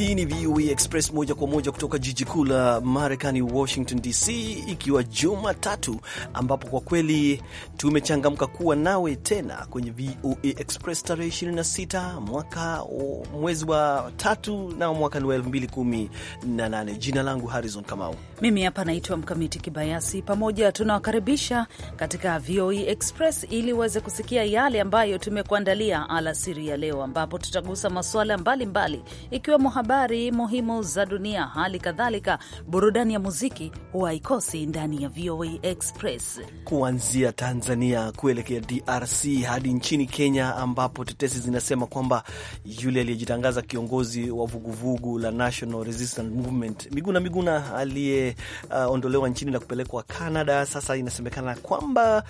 Hii ni VOA e Express moja kwa moja kutoka jiji kuu la Marekani, Washington DC, ikiwa Jumatatu ambapo kwa kweli tumechangamka kuwa nawe tena kwenye VOA e Express tarehe 26 mwaka mwezi wa tatu na mwaka ni wa 2018. Jina langu Harrison Kamau, mimi hapa naitwa Mkamiti Kibayasi. Pamoja tunawakaribisha katika VOA e Express ili uweze kusikia yale ambayo tumekuandalia alasiri ya leo, ambapo tutagusa masuala mbalimbali ikiwemo habari muhimu za dunia, hali kadhalika burudani ya muziki huwa haikosi ndani ya VOA Express, kuanzia Tanzania kuelekea DRC hadi nchini Kenya, ambapo tetesi zinasema kwamba yule aliyejitangaza kiongozi wa vuguvugu la National Resistance Movement Miguna Miguna aliyeondolewa uh, nchini na kupelekwa Canada, sasa inasemekana kwamba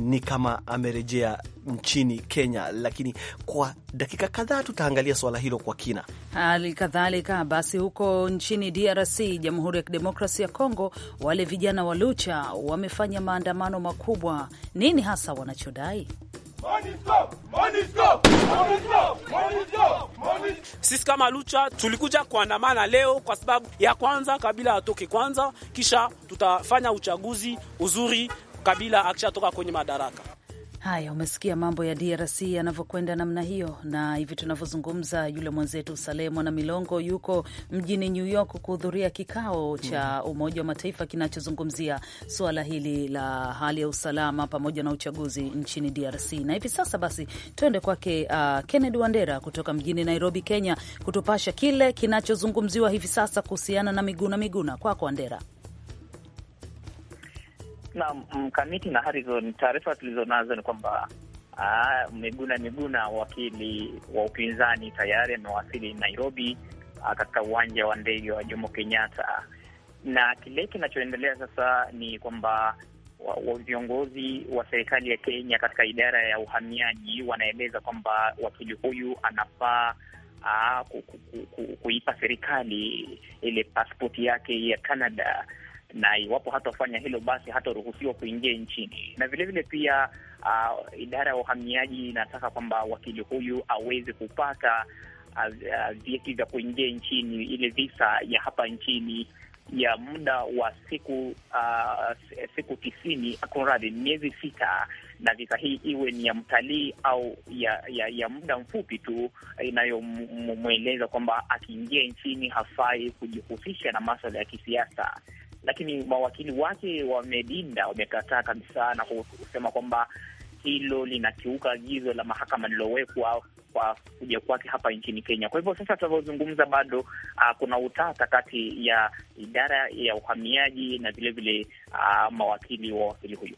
ni kama amerejea nchini Kenya, lakini kwa dakika kadhaa tutaangalia swala hilo kwa kina. Hali kadhalika basi, huko nchini DRC, Jamhuri ya Kidemokrasia ya Kongo, wale vijana wa Lucha wamefanya maandamano makubwa. Nini hasa wanachodai? Sisi kama Lucha tulikuja kuandamana leo kwa sababu ya kwanza, Kabila atoke kwanza, kisha tutafanya uchaguzi uzuri, Kabila akishatoka kwenye madaraka. Haya, umesikia mambo ya DRC yanavyokwenda namna hiyo, na hivi tunavyozungumza, yule mwenzetu Saleh Mwana Milongo yuko mjini New York kuhudhuria kikao cha mm. Umoja wa Mataifa kinachozungumzia suala hili la hali ya usalama pamoja na uchaguzi nchini DRC. Na hivi sasa basi tuende kwake uh, Kennedy Wandera kutoka mjini Nairobi, Kenya, kutupasha kile kinachozungumziwa hivi sasa kuhusiana na Miguna Miguna. Kwako Wandera na mkamiti na Harrison, taarifa tulizonazo ni kwamba ah, Miguna Miguna, wakili wa upinzani, tayari amewasili Nairobi ah, katika uwanja wa ndege wa Jomo Kenyatta, na kile kinachoendelea sasa ni kwamba viongozi wa, wa serikali ya Kenya katika idara ya uhamiaji wanaeleza kwamba wakili huyu anafaa ah, kuipa serikali ile paspoti yake ya Canada na iwapo hatafanya hilo, basi hataruhusiwa kuingia nchini. Na vilevile vile pia uh, idara ya uhamiaji inataka kwamba wakili huyu aweze kupata uh, uh, vyeti vya kuingia nchini, ile visa ya hapa nchini ya muda wa siku uh, siku tisini, kunradhi, miezi sita, na visa hii iwe ni ya mtalii au ya, ya, ya muda mfupi tu inayomweleza kwamba akiingia nchini hafai kujihusisha na maswala ya kisiasa lakini mawakili wake wamedinda, wamekataa kabisa na kusema kwamba hilo linakiuka agizo la mahakama lilowekwa kwa kuja kwake hapa nchini Kenya. Kwa hivyo sasa tunavyozungumza, bado uh, kuna utata kati ya idara ya uhamiaji na vilevile uh, ah, mawakili wa wakili huyo.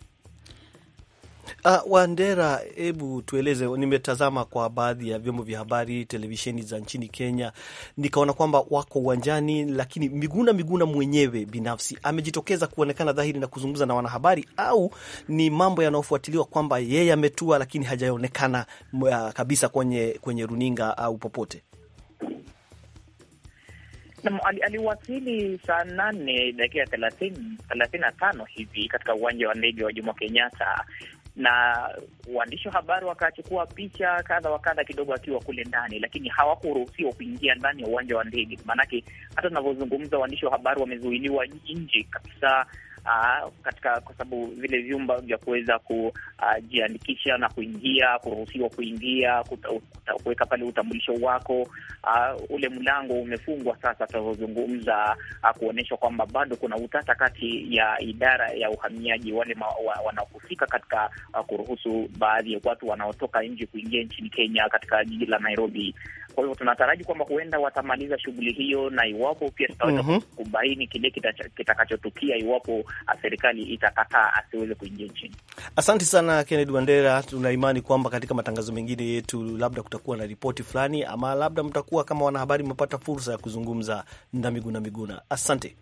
Uh, Wandera, hebu tueleze. Nimetazama kwa baadhi ya vyombo vya habari, televisheni za nchini Kenya, nikaona kwamba wako uwanjani, lakini Miguna Miguna mwenyewe binafsi amejitokeza kuonekana dhahiri na kuzungumza na wanahabari, au ni mambo yanayofuatiliwa kwamba yeye ametua, lakini hajaonekana ah, kabisa kwenye, kwenye runinga au popote? Aliwasili saa nane dakika thelathini na tano hivi katika uwanja wa ndege wa Jomo Kenyatta na waandishi wa habari wakachukua picha kadha wa kadha kidogo akiwa kule ndani, lakini hawakuruhusiwa kuingia ndani ya uwanja wa ndege. Maanake hata tunavyozungumza, waandishi wa habari wamezuiliwa nje kabisa uh, katika kwa sababu vile vyumba vya kuweza kujiandikisha ah, uh, na kuingia, kuruhusiwa kuingia, kuweka pale utambulisho wako uh, ule mlango umefungwa sasa tunavyozungumza, uh, kuonyesha kwamba bado kuna utata kati ya idara ya uhamiaji, wale wa, wanaohusika katika uh, kuruhusu baadhi ya watu wanaotoka nje kuingia nchini Kenya katika jiji la Nairobi kwa hivyo tunataraji kwamba huenda watamaliza shughuli hiyo, na iwapo pia tutaweza mm -hmm. kubaini kile kitakachotukia kita iwapo serikali itakataa asiweze kuingia nchini. Asante sana Kennedy Wandera, tunaimani kwamba katika matangazo mengine yetu labda kutakuwa na ripoti fulani, ama labda mtakuwa kama wanahabari mmepata fursa ya kuzungumza na Miguna Miguna. Asante.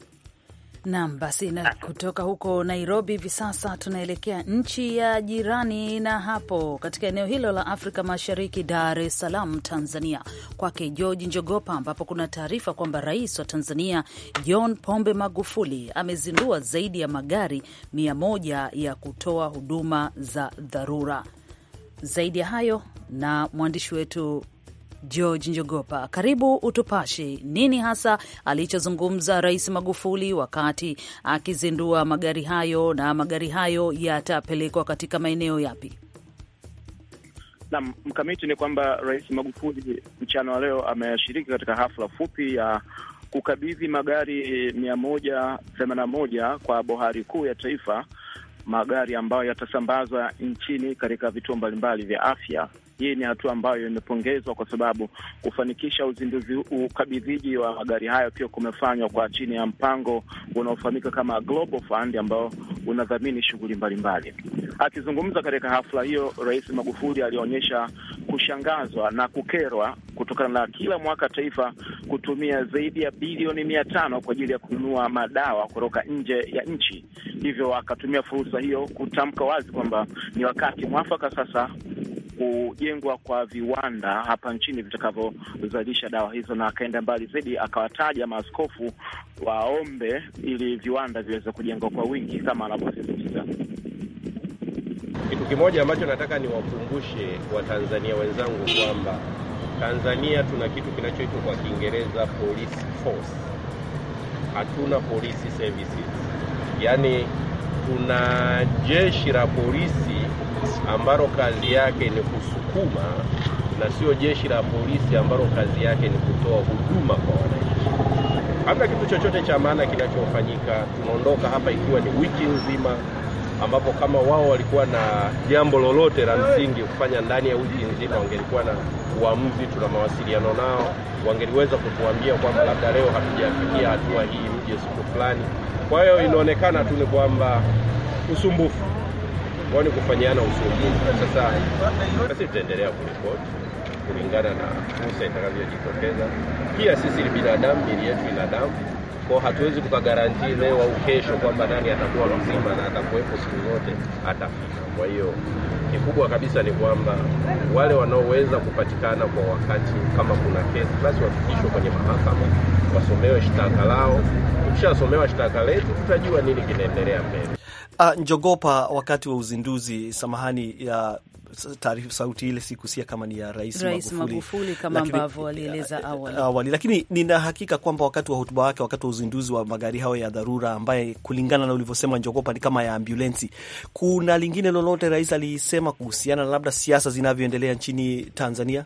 Nam, basi na kutoka huko Nairobi hivi sasa tunaelekea nchi ya jirani na hapo katika eneo hilo la Afrika Mashariki, Dar es Salaam, Tanzania, kwake George Njogopa, ambapo kuna taarifa kwamba rais wa Tanzania John Pombe Magufuli amezindua zaidi ya magari mia moja ya kutoa huduma za dharura. Zaidi ya hayo na mwandishi wetu George Njogopa, karibu utupashe nini hasa alichozungumza Rais Magufuli wakati akizindua magari hayo, na magari hayo yatapelekwa katika maeneo yapi? Naam, mkamiti ni kwamba Rais Magufuli mchana wa leo ameshiriki katika hafla fupi ya kukabidhi magari mia moja themanini na moja kwa bohari kuu ya taifa magari ambayo yatasambazwa nchini katika vituo mbalimbali vya afya. Hii ni hatua ambayo imepongezwa kwa sababu kufanikisha uzinduzi, ukabidhiji wa magari hayo pia kumefanywa kwa chini ya mpango unaofahamika kama Global Fund ambao unadhamini shughuli mbalimbali. Akizungumza katika hafla hiyo, Rais Magufuli alionyesha kushangazwa na kukerwa kutokana na kila mwaka taifa kutumia zaidi ya bilioni mia tano kwa ajili ya kununua madawa kutoka nje ya nchi. Hivyo akatumia fursa hiyo kutamka wazi kwamba ni wakati mwafaka sasa kujengwa kwa viwanda hapa nchini vitakavyozalisha dawa hizo, na akaenda mbali zaidi akawataja maaskofu waombe ili viwanda viweze kujengwa kwa wingi kama anavyosisitiza. Kitu kimoja ambacho nataka niwakumbushe Watanzania wenzangu kwamba Tanzania tuna kitu kinachoitwa kwa Kiingereza police force, hatuna police services, yaani tuna jeshi la polisi ambalo kazi yake ni kusukuma na sio jeshi la polisi ambalo kazi yake ni kutoa huduma kwa wananchi. Hamna kitu chochote cha maana kinachofanyika. Tunaondoka hapa ikiwa ni wiki nzima ambapo kama wao walikuwa na jambo lolote la msingi kufanya ndani ya wiki nzima, wangelikuwa na uamuzi, tuna mawasiliano nao, wangeliweza kutuambia kwamba labda leo hatujafikia hatua hii, mje siku fulani. Kwa hiyo inaonekana tu ni kwamba usumbufu kwao ni kufanyana usumbufu. Sasa basi tutaendelea kuripoti kulingana na fursa itakavyojitokeza. Pia sisi ni binadamu, mili yetu ina damu kwa hatuwezi tukagarantii leo au kesho kwamba nani atakuwa mzima na atakuwepo siku zote atafika. Kwa hiyo kikubwa kabisa ni kwamba wale wanaoweza kupatikana kwa wakati, kama kuna kesi basi wafikishwe kwenye mahakama, wasomewe shtaka lao. Tukishasomewa shtaka letu, tutajua nini kinaendelea mbele. Ah, njogopa wakati wa uzinduzi, samahani ya taarifa sauti ile sikusia kama ni ya Rais, Rais Magufuli, Magufuli kama ambavyo alieleza eh, awali. Awali, lakini nina hakika kwamba wakati wa hotuba wake, wakati wa uzinduzi wa magari hayo ya dharura ambaye kulingana na ulivyosema njogopa ni kama ya ambulensi, kuna lingine lolote Rais alisema kuhusiana na labda siasa zinavyoendelea nchini Tanzania?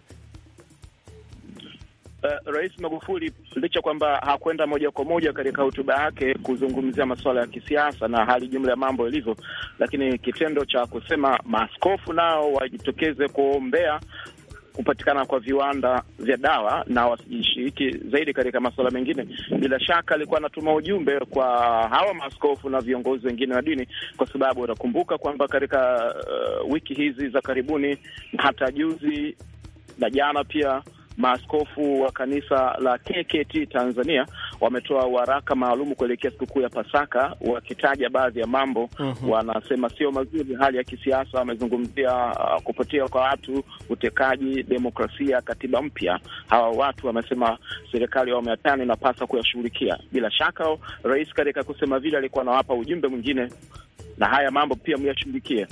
Uh, Rais Magufuli licha kwamba hakwenda moja kwa moja katika hotuba yake kuzungumzia masuala ya kisiasa na hali jumla ya mambo ilivyo, lakini kitendo cha kusema maaskofu nao wajitokeze kuombea kupatikana kwa viwanda vya dawa na wasijishiriki zaidi katika masuala mengine, bila shaka alikuwa anatuma ujumbe kwa hawa maaskofu na viongozi wengine wa dini, kwa sababu watakumbuka kwamba katika uh, wiki hizi za karibuni hata juzi na jana pia Maaskofu wa kanisa la KKT Tanzania wametoa waraka maalum kuelekea sikukuu ya Pasaka, wakitaja baadhi ya mambo uh Wanasema sio mazuri, hali ya kisiasa. Wamezungumzia uh, kupotea kwa watu, utekaji, demokrasia, katiba mpya. Hawa watu wamesema serikali ya awamu ya tano inapaswa kuyashughulikia. Bila shaka, rais katika kusema vile alikuwa anawapa ujumbe mwingine, na haya mambo pia myashughulikie.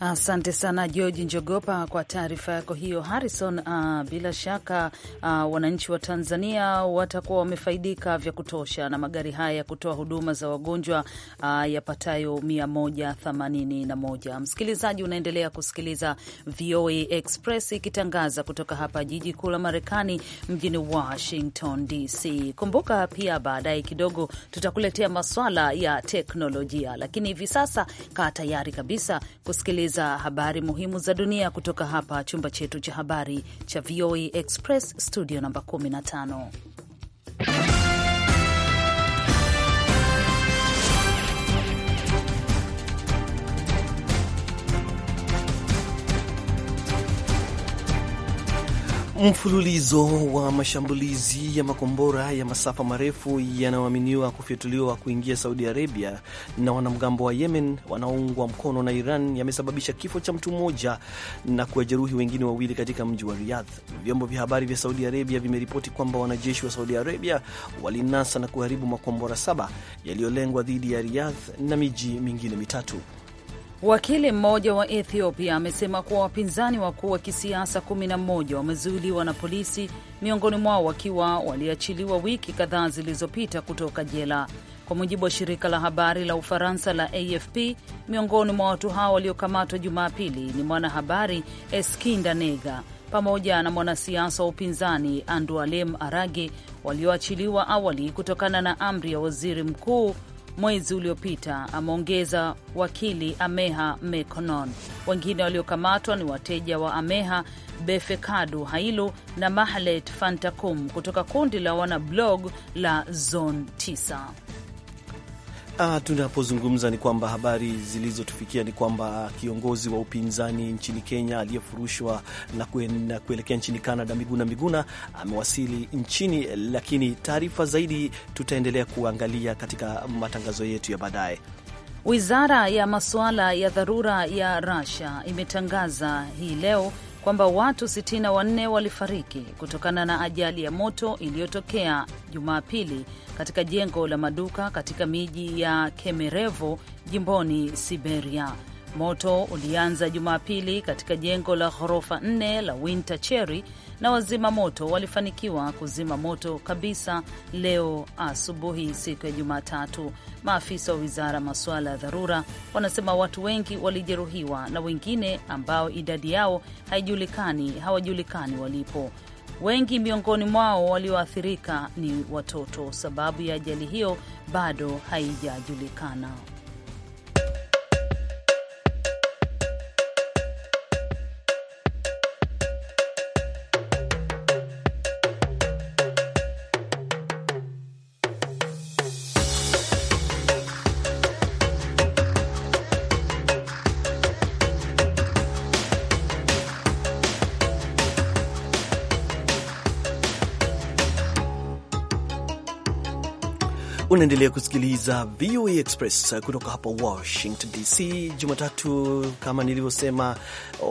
Asante sana George Njogopa kwa taarifa yako hiyo, Harrison. Uh, bila shaka uh, wananchi wa Tanzania watakuwa wamefaidika vya kutosha na magari haya ya kutoa huduma za wagonjwa uh, yapatayo 181. Msikilizaji, unaendelea kusikiliza VOA Express ikitangaza kutoka hapa jiji kuu la Marekani, mjini Washington DC. Kumbuka pia baadaye kidogo tutakuletea maswala ya teknolojia, lakini hivi sasa kaa tayari kabisa kusikiliza kusikiliza habari muhimu za dunia kutoka hapa chumba chetu cha habari cha VOA Express, studio namba 15. Mfululizo wa mashambulizi ya makombora ya masafa marefu yanayoaminiwa kufyatuliwa kuingia Saudi Arabia na wanamgambo wa Yemen wanaoungwa mkono na Iran yamesababisha kifo cha mtu mmoja na kuwajeruhi wengine wawili katika mji wa Riyadh. Vyombo vya habari vya Saudi Arabia vimeripoti kwamba wanajeshi wa Saudi Arabia walinasa na kuharibu makombora saba yaliyolengwa dhidi ya Riyadh na miji mingine mitatu. Wakili mmoja wa Ethiopia amesema kuwa wapinzani wakuu wa kisiasa 11 wamezuiliwa na polisi, miongoni mwao wakiwa waliachiliwa wiki kadhaa zilizopita kutoka jela. Kwa mujibu wa shirika la habari la Ufaransa la AFP, miongoni mwa watu hao waliokamatwa Jumapili ni mwanahabari Eskinda Nega pamoja na mwanasiasa wa upinzani Andualem Arage walioachiliwa awali kutokana na amri ya waziri mkuu mwezi uliopita, ameongeza wakili Ameha Mekonon. Wengine waliokamatwa ni wateja wa Ameha, befekadu Hailu na Mahlet Fantakum kutoka kundi la wanablog la Zone 9. Ah, tunapozungumza ni kwamba habari zilizotufikia ni kwamba kiongozi wa upinzani nchini Kenya aliyefurushwa na, kuelekea nchini Canada Miguna Miguna amewasili nchini, lakini taarifa zaidi tutaendelea kuangalia katika matangazo yetu ya baadaye. Wizara ya masuala ya dharura ya Russia imetangaza hii leo kwamba watu 64 walifariki kutokana na ajali ya moto iliyotokea Jumapili katika jengo la maduka katika miji ya Kemerovo jimboni Siberia. Moto ulianza Jumapili katika jengo la ghorofa nne la Winter Cherry na wazima moto walifanikiwa kuzima moto kabisa leo asubuhi, siku ya Jumatatu. Maafisa wa wizara ya masuala ya dharura wanasema watu wengi walijeruhiwa na wengine ambao idadi yao haijulikani, hawajulikani walipo. Wengi miongoni mwao walioathirika ni watoto. Sababu ya ajali hiyo bado haijajulikana. Unaendelea kusikiliza VOA Express kutoka hapa Washington DC. Jumatatu kama nilivyosema,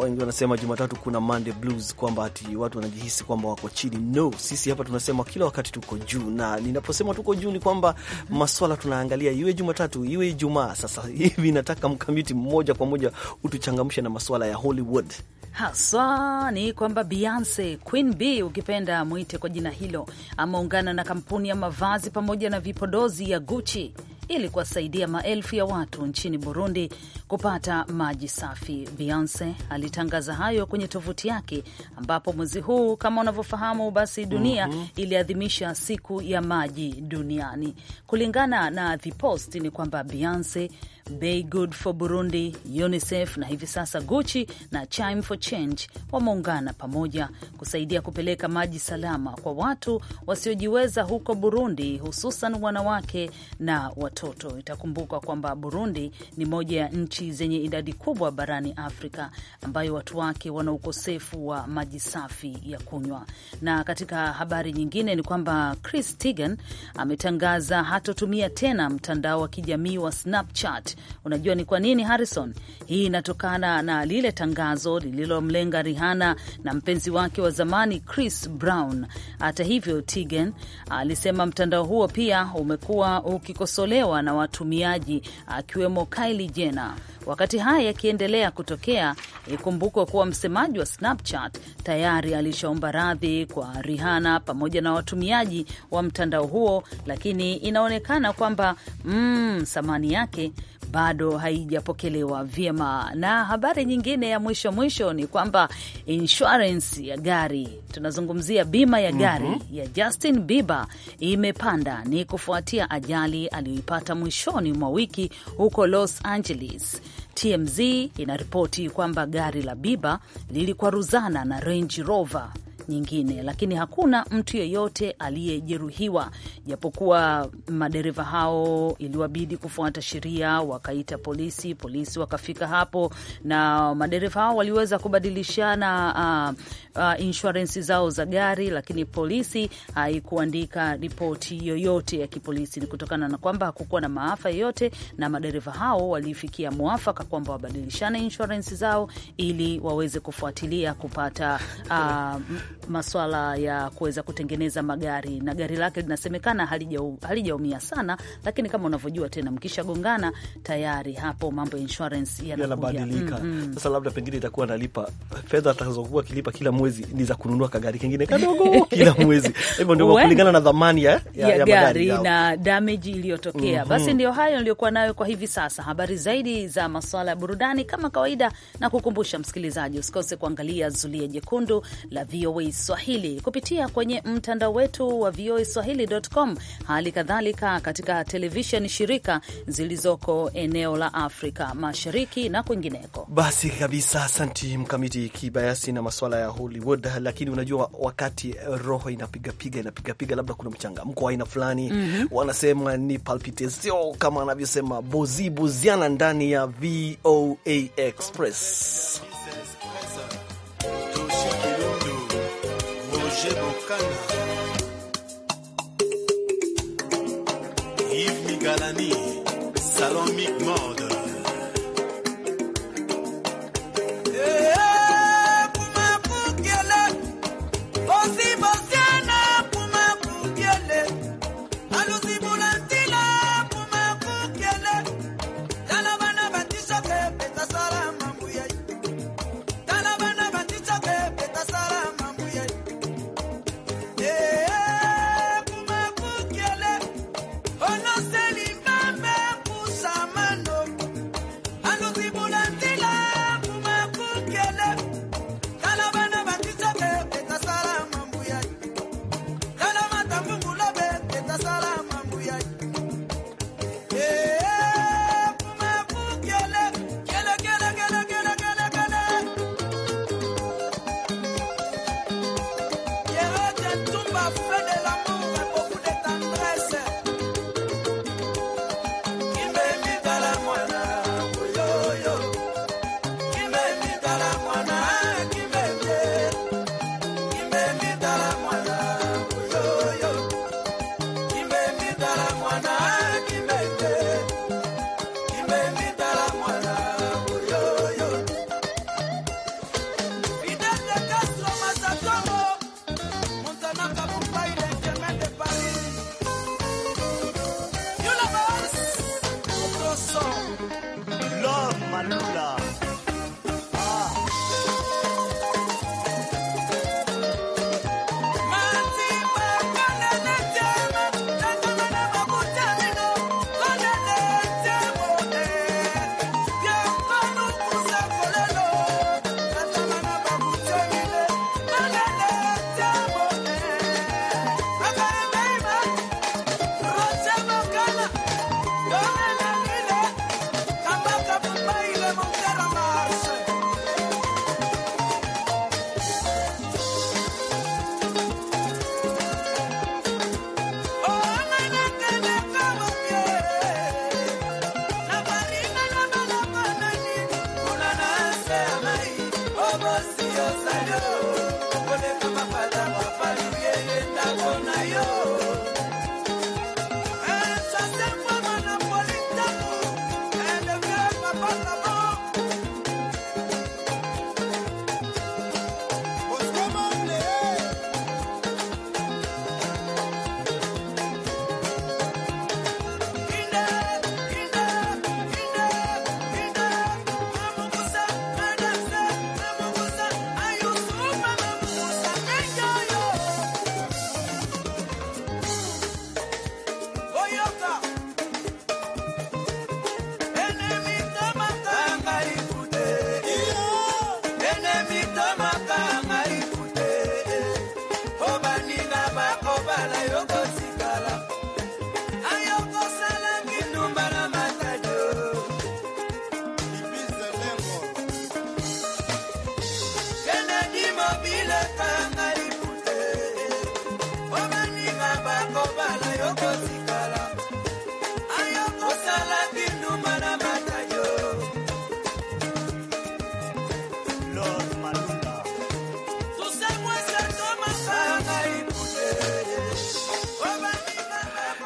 wengi wanasema Jumatatu kuna Monday blues, kwamba ati watu wanajihisi kwamba wako chini. No, sisi hapa tunasema kila wakati tuko juu, na ninaposema tuko juu ni kwamba maswala tunaangalia, iwe Jumatatu iwe Ijumaa. Sasa hivi nataka mkamiti mmoja kwa moja utuchangamshe na maswala ya Hollywood haswa ni kwamba Beyonce, Queen B ukipenda mwite kwa jina hilo, ameungana na kampuni ya mavazi pamoja na vipodozi ya Gucci ili kuwasaidia maelfu ya watu nchini Burundi kupata maji safi. Beyonce alitangaza hayo kwenye tovuti yake, ambapo mwezi huu kama unavyofahamu, basi dunia mm -hmm. iliadhimisha siku ya maji duniani. Kulingana na The Post ni kwamba Beyonce Bay Good for Burundi, UNICEF na hivi sasa Gucci na Chime for Change wameungana pamoja kusaidia kupeleka maji salama kwa watu wasiojiweza huko Burundi, hususan wanawake na watu watoto. Itakumbuka kwamba Burundi ni moja ya nchi zenye idadi kubwa barani Afrika ambayo watu wake wana ukosefu wa maji safi ya kunywa. Na katika habari nyingine ni kwamba Chris Tigan ametangaza hatotumia tena mtandao wa kijamii wa Snapchat. Unajua ni kwa nini Harrison? Hii inatokana na lile tangazo lililomlenga Rihanna na mpenzi wake wa zamani Chris Brown. Hata hivyo, Tigan alisema mtandao huo pia umekuwa ukikosolewa kutolewa na watumiaji akiwemo Kylie Jenner. Wakati haya yakiendelea kutokea, ikumbukwe kuwa msemaji wa Snapchat tayari alishaomba radhi kwa Rihanna pamoja na watumiaji wa mtandao huo, lakini inaonekana kwamba mm, samani yake bado haijapokelewa vyema. Na habari nyingine ya mwisho mwisho ni kwamba insurance ya gari, tunazungumzia bima ya gari mm -hmm. ya Justin Bieber imepanda, ni kufuatia ajali aliyoipata mwishoni mwa wiki huko Los Angeles. TMZ inaripoti kwamba gari la Bieber lilikwaruzana na Range Rover nyingine, lakini hakuna mtu yeyote aliyejeruhiwa, japokuwa madereva hao iliwabidi kufuata sheria, wakaita polisi, polisi wakafika hapo na madereva hao waliweza kubadilishana uh, uh, insurance zao za gari, lakini polisi haikuandika ripoti yoyote ya kipolisi. Ni kutokana na kwamba hakukuwa na maafa yoyote, na madereva hao walifikia mwafaka kwamba wabadilishane insurance zao ili waweze kufuatilia kupata uh, maswala ya kuweza kutengeneza magari. Na gari lake linasemekana halijaumia sana, lakini kama unavyojua tena, mkishagongana tayari hapo mambo ya insurance yanabadilika. Mm-hmm. Sasa mm -hmm. labda pengine itakuwa nalipa fedha atakazokuwa akilipa kila mwezi mwezi ni za kununua kagari kengine kadogo kila mwezi. Hivyo ndio kulingana na dhamani ya, ya, ya, ya gari na damage iliyotokea. mm -hmm. Basi ndio hayo niliyokuwa nayo kwa hivi sasa. Habari zaidi za masuala ya burudani kama kawaida, na kukumbusha msikilizaji usikose kuangalia zulia jekundu la VOA Swahili kupitia kwenye mtandao wetu wa VOA Swahili.com, hali kadhalika katika television shirika zilizoko eneo la Afrika Mashariki na kwingineko. Basi kabisa, asanti Mkamiti Kibayasi na masuala ya huli Hollywood, lakini unajua wakati eh, roho inapigapiga inapigapiga, labda kuna mchangamko wa aina fulani mm -hmm. Wanasema ni palpitation kama anavyosema bozi buziana ndani ya VOA Express Salon Mode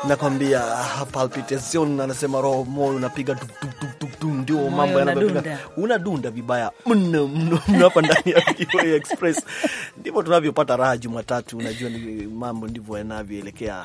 nakwambia palpitation, anasema roho moyo unapiga tup tup tup mambo yanavyopika, unadunda vibaya mno mno hapa ndani ya VOA Express. Ndivyo tunavyopata raha Jumatatu, unajua ni mambo ndivyo yanavyoelekea.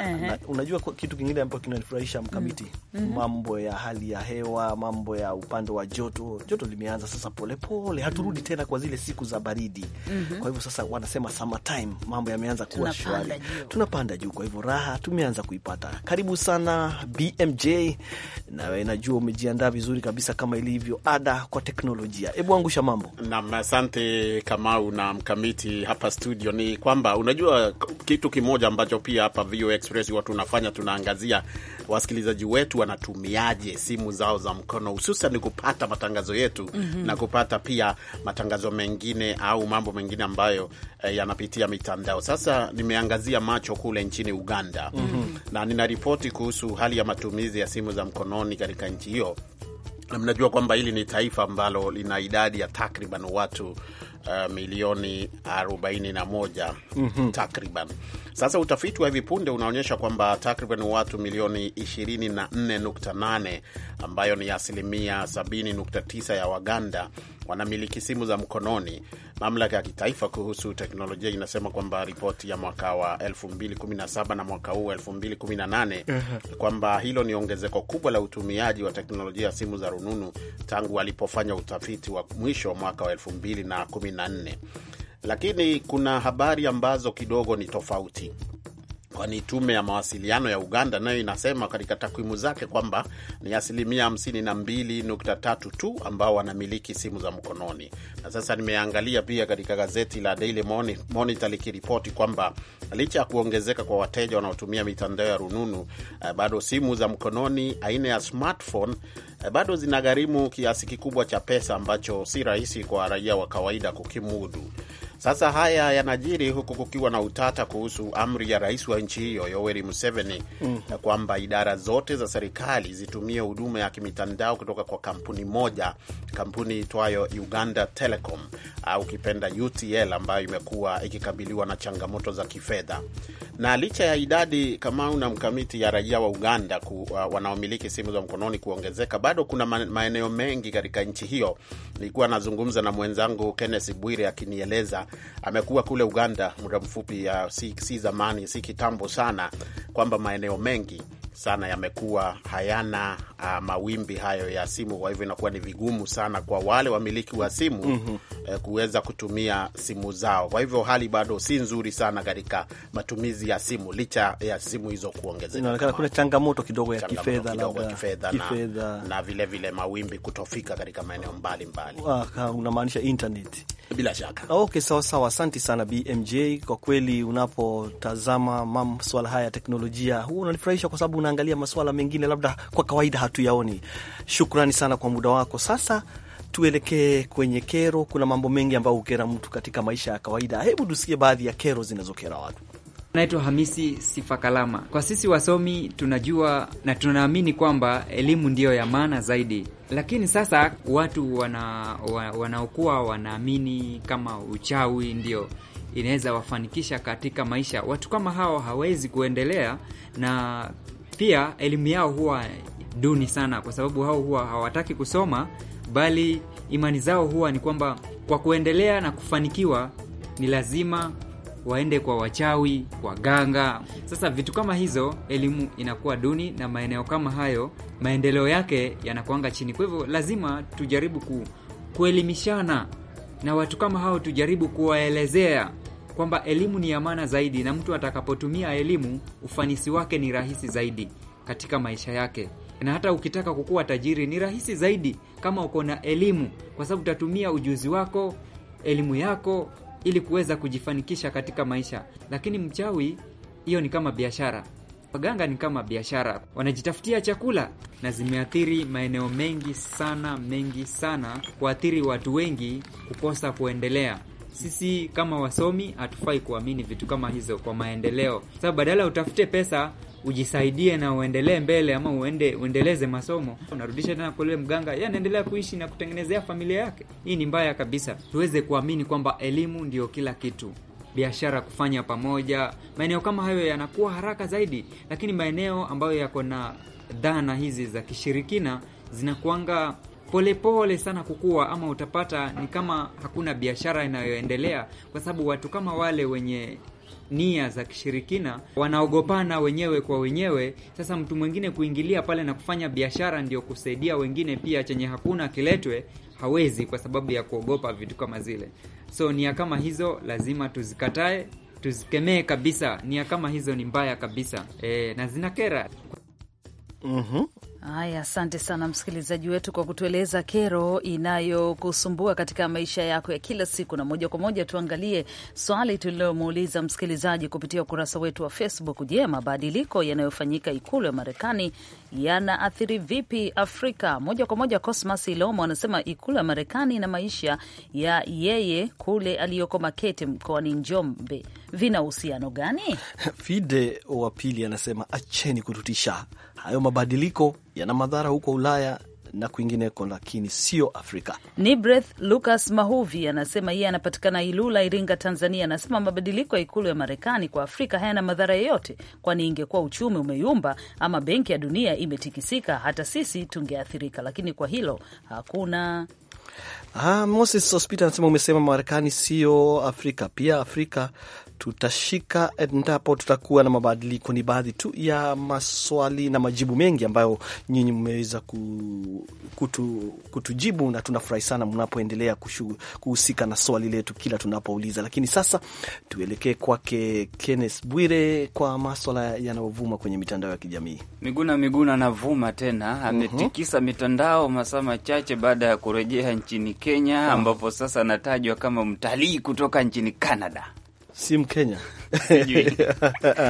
Unajua kitu kingine ambacho kinanifurahisha mkamiti, mm -hmm. mambo ya hali ya hewa, mambo ya upande wa joto. Joto limeanza sasa polepole, haturudi mm -hmm. tena kwa zile siku za baridi mm -hmm. kwa hivyo sasa wanasema summertime, mambo yameanza kuwa shwari, tunapanda juu. Kwa hivyo raha tumeanza kuipata. Karibu sana BMJ, nawe najua umejiandaa vizuri kabisa kama ili ilivyo ada kwa teknolojia. Hebu angusha mambo. nam. asante Kamau na mkamiti hapa studio. Ni kwamba unajua kitu kimoja ambacho pia hapa VOA Express watu tunafanya, tunaangazia wasikilizaji wetu wanatumiaje simu zao za mkono, hususan kupata matangazo yetu mm -hmm. na kupata pia matangazo mengine au mambo mengine ambayo eh, yanapitia mitandao. Sasa nimeangazia macho kule nchini Uganda mm -hmm. na ninaripoti kuhusu hali ya matumizi ya simu za mkononi katika nchi hiyo Mnajua kwamba hili ni taifa ambalo lina idadi ya takriban watu uh, milioni 41 mm -hmm. takriban sasa utafiti wa hivi punde unaonyesha kwamba takriban watu milioni 24.8 ambayo ni asilimia 70.9 ya Waganda wanamiliki simu za mkononi. Mamlaka ya kitaifa kuhusu teknolojia inasema kwamba ripoti ya mwaka wa 2017 na mwaka huu 2018 uh -huh. kwamba hilo ni ongezeko kubwa la utumiaji wa teknolojia ya simu za rununu tangu walipofanya utafiti wa mwisho wa mwaka wa 2014 lakini kuna habari ambazo kidogo ni tofauti kwani tume ya mawasiliano ya Uganda nayo inasema katika takwimu zake kwamba ni asilimia 52.3 tu ambao wanamiliki simu za mkononi. Na sasa nimeangalia pia katika gazeti la Daily Monitor likiripoti kwamba licha ya kuongezeka kwa wateja wanaotumia mitandao ya rununu, eh, bado simu za mkononi aina ya smartphone eh, bado zinagharimu kiasi kikubwa cha pesa ambacho si rahisi kwa raia wa kawaida kukimudu. Sasa haya yanajiri huku kukiwa na utata kuhusu amri ya rais wa nchi hiyo Yoweri Museveni mm. kwamba idara zote za serikali zitumie huduma ya kimitandao kutoka kwa kampuni moja, kampuni itwayo Uganda Telecom au kipenda UTL, ambayo imekuwa ikikabiliwa na changamoto za kifedha. Na licha ya idadi Kamau na mkamiti ya raia wa Uganda ku, wanaomiliki simu za mkononi kuongezeka, bado kuna maeneo mengi katika nchi hiyo. Nilikuwa nazungumza na mwenzangu Kenneth Bwire akinieleza amekuwa kule Uganda muda mfupi, uh, si, si zamani si kitambo sana, kwamba maeneo mengi sana yamekuwa hayana uh, mawimbi hayo ya simu. Kwa hivyo inakuwa ni vigumu sana kwa wale wamiliki wa simu mm -hmm. eh, kuweza kutumia simu zao. Kwa hivyo hali bado si nzuri sana katika matumizi ya simu, licha ya simu hizo kuongezeka. Inaonekana kuna changamoto kidogo ya kifedha na, na vile vile mawimbi kutofika katika maeneo mbalimbali. Ah, unamaanisha internet bila shaka. Okay, sawa sawa, asanti sana BMJ. Kwa kweli unapotazama maswala haya ya teknolojia, huu unanifurahisha kwa sababu wanaangalia masuala mengine labda kwa kawaida hatuyaoni. Shukrani sana kwa muda wako. Sasa tuelekee kwenye kero. Kuna mambo mengi ambayo hukera mtu katika maisha ya kawaida. Hebu tusikie baadhi ya kero zinazokera watu. Naitwa Hamisi Sifakalama. Kwa sisi wasomi tunajua na tunaamini kwamba elimu ndiyo ya maana zaidi, lakini sasa watu wanaokuwa wana wanaamini kama uchawi ndio inaweza wafanikisha katika maisha. Watu kama hao hawezi kuendelea na pia elimu yao huwa duni sana, kwa sababu hao huwa hawataki kusoma, bali imani zao huwa ni kwamba kwa kuendelea na kufanikiwa ni lazima waende kwa wachawi, kwa ganga Sasa vitu kama hizo, elimu inakuwa duni, na maeneo kama hayo maendeleo yake yanakuanga chini. Kwa hivyo lazima tujaribu ku, kuelimishana na watu kama hao, tujaribu kuwaelezea kwamba elimu ni amana zaidi, na mtu atakapotumia elimu, ufanisi wake ni rahisi zaidi katika maisha yake, na hata ukitaka kukuwa tajiri ni rahisi zaidi kama uko na elimu, kwa sababu utatumia ujuzi wako, elimu yako ili kuweza kujifanikisha katika maisha. Lakini mchawi, hiyo ni kama biashara. Waganga ni kama biashara, wanajitafutia chakula, na zimeathiri maeneo mengi sana, mengi sana, kuathiri watu wengi kukosa kuendelea. Sisi kama wasomi hatufai kuamini vitu kama hizo kwa maendeleo, sababu badala utafute pesa ujisaidie na uendelee mbele, ama uende uendeleze masomo, unarudisha tena kwa mganga, yeye anaendelea kuishi na kutengenezea familia yake. Hii ni mbaya kabisa. Tuweze kuamini kwamba elimu ndio kila kitu, biashara kufanya pamoja. Maeneo kama hayo yanakuwa haraka zaidi, lakini maeneo ambayo yako na dhana hizi za kishirikina zinakuanga polepole pole sana kukua, ama utapata ni kama hakuna biashara inayoendelea, kwa sababu watu kama wale wenye nia za kishirikina wanaogopana wenyewe kwa wenyewe. Sasa mtu mwingine kuingilia pale na kufanya biashara ndio kusaidia wengine pia, chenye hakuna kiletwe hawezi, kwa sababu ya kuogopa vitu kama zile. So nia kama hizo lazima tuzikatae, tuzikemee kabisa. Nia kama hizo ni mbaya kabisa, e, na zinakera. mm -hmm. Haya, asante sana msikilizaji wetu kwa kutueleza kero inayokusumbua katika maisha yako ya kila siku. Na moja kwa moja tuangalie swali tulilomuuliza msikilizaji kupitia ukurasa wetu wa Facebook. Je, mabadiliko yanayofanyika ikulu ya Marekani yanaathiri vipi Afrika? Moja kwa moja, Cosmas Ilomo anasema ikulu ya Marekani na maisha ya yeye kule aliyoko Makete mkoani Njombe vina uhusiano gani? Fide wa pili anasema acheni kututisha, hayo mabadiliko yana madhara huko Ulaya na kwingineko lakini sio Afrika. Ni Breth Lucas Mahuvi anasema yeye anapatikana Ilula, Iringa, Tanzania. Anasema mabadiliko ya ikulu ya Marekani kwa Afrika hayana madhara yoyote, kwani ingekuwa uchumi umeyumba ama benki ya dunia imetikisika, hata sisi tungeathirika, lakini kwa hilo hakuna. Ah, Moses Sospita anasema umesema Marekani sio Afrika, pia Afrika tutashika endapo tutakuwa na mabadiliko. Ni baadhi tu ya maswali na majibu mengi ambayo nyinyi mmeweza kutu, kutujibu na tunafurahi sana mnapoendelea kuhusika na swali letu kila tunapouliza. Lakini sasa tuelekee kwake Kenneth Bwire kwa maswala yanayovuma kwenye mitandao ya kijamii. Miguna Miguna anavuma tena, mhm. ametikisa mitandao masaa machache baada ya kurejea nchini Kenya, ah. ambapo sasa anatajwa kama mtalii kutoka nchini Canada si Mkenya.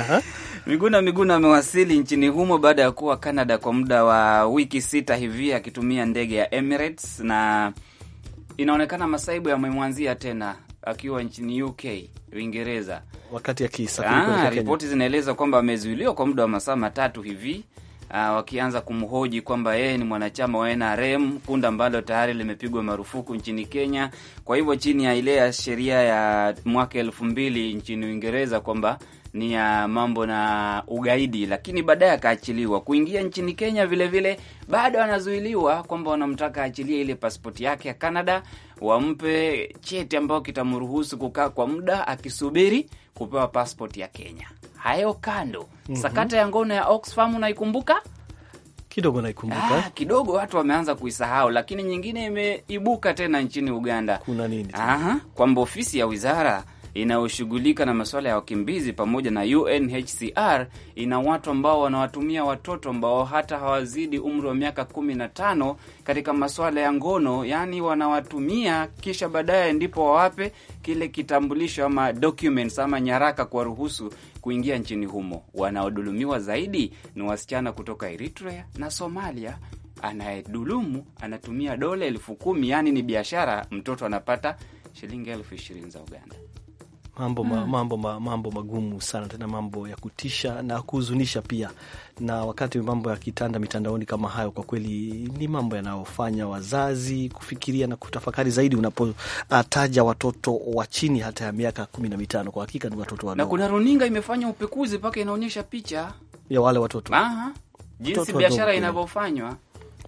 Miguna Miguna amewasili nchini humo baada ya kuwa Canada kwa muda wa wiki sita hivi akitumia ndege ya Emirates, na inaonekana masaibu yamemwanzia tena akiwa nchini UK Uingereza, wakati akisafiri. Ah, ripoti zinaeleza kwamba amezuiliwa kwa muda wa masaa matatu hivi uh, wakianza kumhoji kwamba yeye ni mwanachama wa NRM, kundi ambalo tayari limepigwa marufuku nchini Kenya. Kwa hivyo chini ya ile ya sheria ya mwaka elfu mbili nchini Uingereza kwamba ni ya mambo na ugaidi, lakini baadaye akaachiliwa kuingia nchini Kenya. Vilevile bado anazuiliwa kwamba wanamtaka aachilie ile pasipoti yake ya Canada wampe cheti ambayo kitamruhusu kukaa kwa muda akisubiri kupewa passport ya Kenya. Hayo kando. mm -hmm. Sakata ya ngono ya Oxfam unaikumbuka? Kidogo naikumbuka. Ah, kidogo watu wameanza kuisahau, lakini nyingine imeibuka tena nchini Uganda. Kuna nini? Aha, kwamba ofisi ya wizara inayoshughulika na masuala ya wakimbizi pamoja na UNHCR ina watu ambao wanawatumia watoto ambao hata hawazidi umri wa miaka kumi na tano katika masuala ya ngono, yaani wanawatumia kisha baadaye ndipo wawape kile kitambulisho ama documents ama nyaraka kuwaruhusu kuingia nchini humo. Wanaodhulumiwa zaidi ni wasichana kutoka Eritrea na Somalia. Anayedhulumu anatumia dola elfu kumi yaani ni biashara. Mtoto anapata shilingi elfu ishirini za Uganda mambo, mm. ma, mambo, ma, mambo magumu sana tena mambo ya kutisha na kuhuzunisha pia. Na wakati mambo ya kitanda mitandaoni kama hayo, kwa kweli ni mambo yanayofanya wazazi kufikiria na kutafakari zaidi, unapotaja watoto wa chini hata ya miaka kumi na mitano. Kwa hakika ni watoto wadogo, na kuna runinga imefanya upekuzi mpaka inaonyesha picha ya wale watoto, jinsi biashara inavyofanywa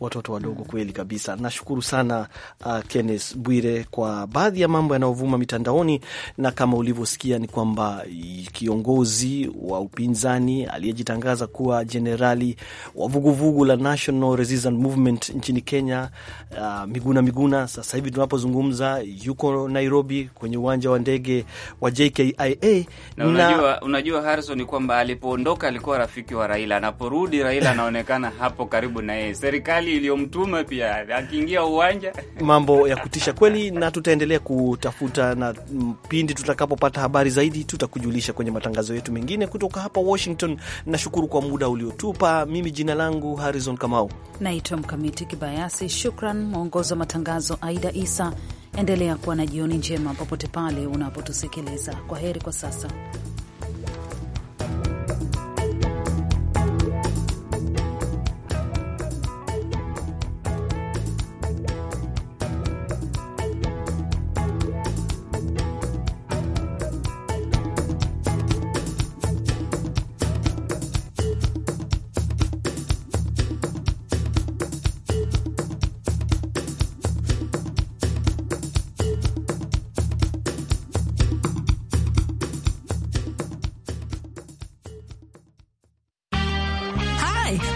watoto wadogo Kweli kabisa. Nashukuru sana uh, Kenneth Bwire kwa baadhi ya mambo yanayovuma mitandaoni, na kama ulivyosikia ni kwamba kiongozi wa upinzani aliyejitangaza kuwa jenerali wa vuguvugu la National Resistance Movement nchini Kenya, uh, Miguna Miguna, sasa hivi tunapozungumza yuko Nairobi kwenye uwanja wa ndege wa JKIA na unajua, na... unajua Harrison, kwamba alipoondoka alikuwa rafiki wa Raila, anaporudi Raila anaonekana hapo karibu na yeye serikali hali iliyomtuma pia akiingia uwanja mambo ya kutisha kweli, na tutaendelea kutafuta, na pindi tutakapopata habari zaidi tutakujulisha kwenye matangazo yetu mengine kutoka hapa Washington. Nashukuru kwa muda uliotupa. Mimi jina langu Harrison Kamau, naitwa Mkamiti Kibayasi. Shukran mwongozi wa matangazo Aida Isa. Endelea kuwa na jioni njema popote pale unapotusikiliza. Kwa heri kwa sasa.